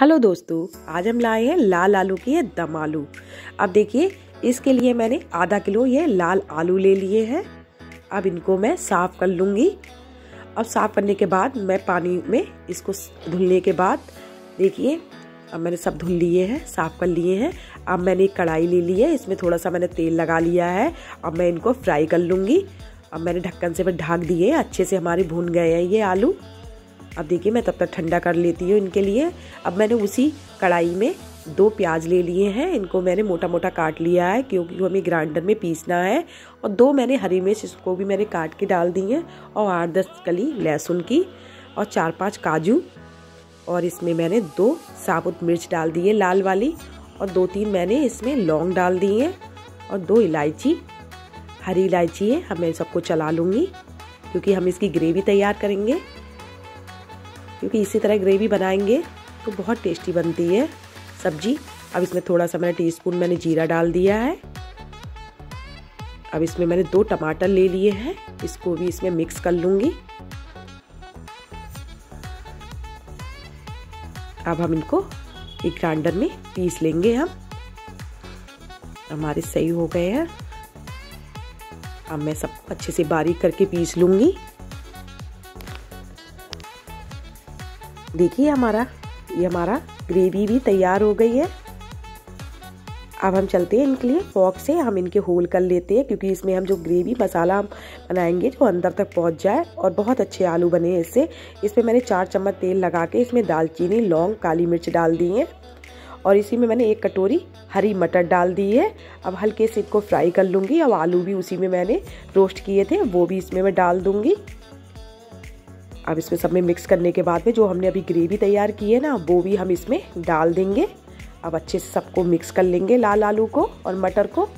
hello दोस्तों आज हम लाए हैं लाल आलू के दम आलू अब देखिए इसके लिए मैंने आधा किलो ये लाल आलू ले लिए हैं अब इनको मैं साफ़ कर लूँगी अब साफ़ करने के बाद मैं पानी में इसको धुलने के बाद देखिए अब मैंने सब धुल लिए हैं साफ़ कर लिए हैं अब मैंने एक कढ़ाई ले ली है इसमें थोड़ा सा मैंने तेल लगा लिया है अब मैं इनको फ्राई कर लूँगी अब मैंने ढक्कन से ढाक दिए अच्छे से हमारे भून गए हैं ये आलू अब देखिए मैं तब तक ठंडा कर लेती हूँ इनके लिए अब मैंने उसी कढ़ाई में दो प्याज ले लिए हैं इनको मैंने मोटा मोटा काट लिया है क्योंकि हमें ग्राइंडर में पीसना है और दो मैंने हरी मिर्च इसको भी मैंने काट के डाल दी हैं और आठ दस कली लहसुन की और चार पांच काजू और इसमें मैंने दो साबुत मिर्च डाल दी है लाल वाली और दो तीन मैंने इसमें लौंग डाल दी है और दो इलायची हरी इलायची है हमें सबको चला लूँगी क्योंकि हम इसकी ग्रेवी तैयार करेंगे क्योंकि इसी तरह ग्रेवी बनाएंगे तो बहुत टेस्टी बनती है सब्जी अब इसमें थोड़ा सा मैंने टीस्पून मैंने जीरा डाल दिया है अब इसमें मैंने दो टमाटर ले लिए हैं इसको भी इसमें मिक्स कर लूँगी अब हम इनको एक ग्राइंडर में पीस लेंगे हम हमारे सही हो गए हैं अब मैं सब अच्छे से बारीक करके पीस लूँगी देखिए हमारा ये हमारा ग्रेवी भी तैयार हो गई है अब हम चलते हैं इनके लिए फॉक से हम इनके होल कर लेते हैं क्योंकि इसमें हम जो ग्रेवी मसाला बनाएंगे जो अंदर तक पहुंच जाए और बहुत अच्छे आलू बने हैं इससे इसमें मैंने चार चम्मच तेल लगा के इसमें दालचीनी लौंग काली मिर्च डाल दी है और इसी में मैंने एक कटोरी हरी मटर डाल दी है अब हल्के से इसको फ्राई कर लूँगी अब आलू भी उसी में मैंने रोस्ट किए थे वो भी इसमें मैं डाल दूँगी अब इसमें सब में मिक्स करने के बाद में जो हमने अभी ग्रेवी तैयार की है ना वो भी हम इसमें डाल देंगे अब अच्छे से सबको मिक्स कर लेंगे लाल आलू को और मटर को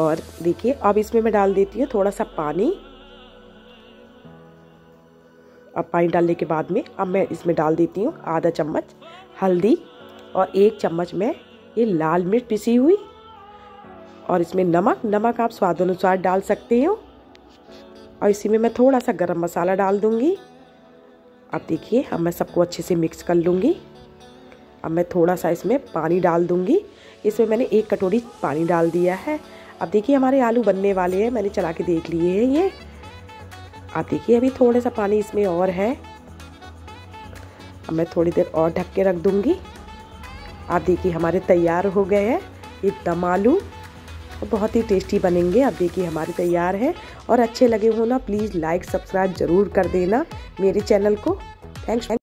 और देखिए अब इसमें मैं डाल देती हूँ थोड़ा सा पानी अब पानी डालने के बाद में अब मैं इसमें डाल देती हूँ आधा चम्मच हल्दी और एक चम्मच में ये लाल मिर्च पिसी हुई और इसमें नमक नमक आप स्वाद अनुसार डाल सकते हो और इसी में मैं थोड़ा सा गरम मसाला डाल दूँगी अब देखिए अब मैं सबको अच्छे से मिक्स कर लूँगी अब मैं थोड़ा सा इसमें पानी डाल दूँगी इसमें मैंने एक कटोरी पानी डाल दिया है अब देखिए हमारे आलू बनने वाले हैं मैंने चला के देख लिए हैं ये आप देखिए अभी थोड़ा सा पानी इसमें और है अब मैं थोड़ी देर और ढक के रख दूँगी आप देखिए हमारे तैयार हो गए हैं एकदम आलू और बहुत ही टेस्टी बनेंगे अब देखिए हमारी तैयार है और अच्छे लगे हो ना प्लीज़ लाइक सब्सक्राइब ज़रूर कर देना मेरे चैनल को थैंक्स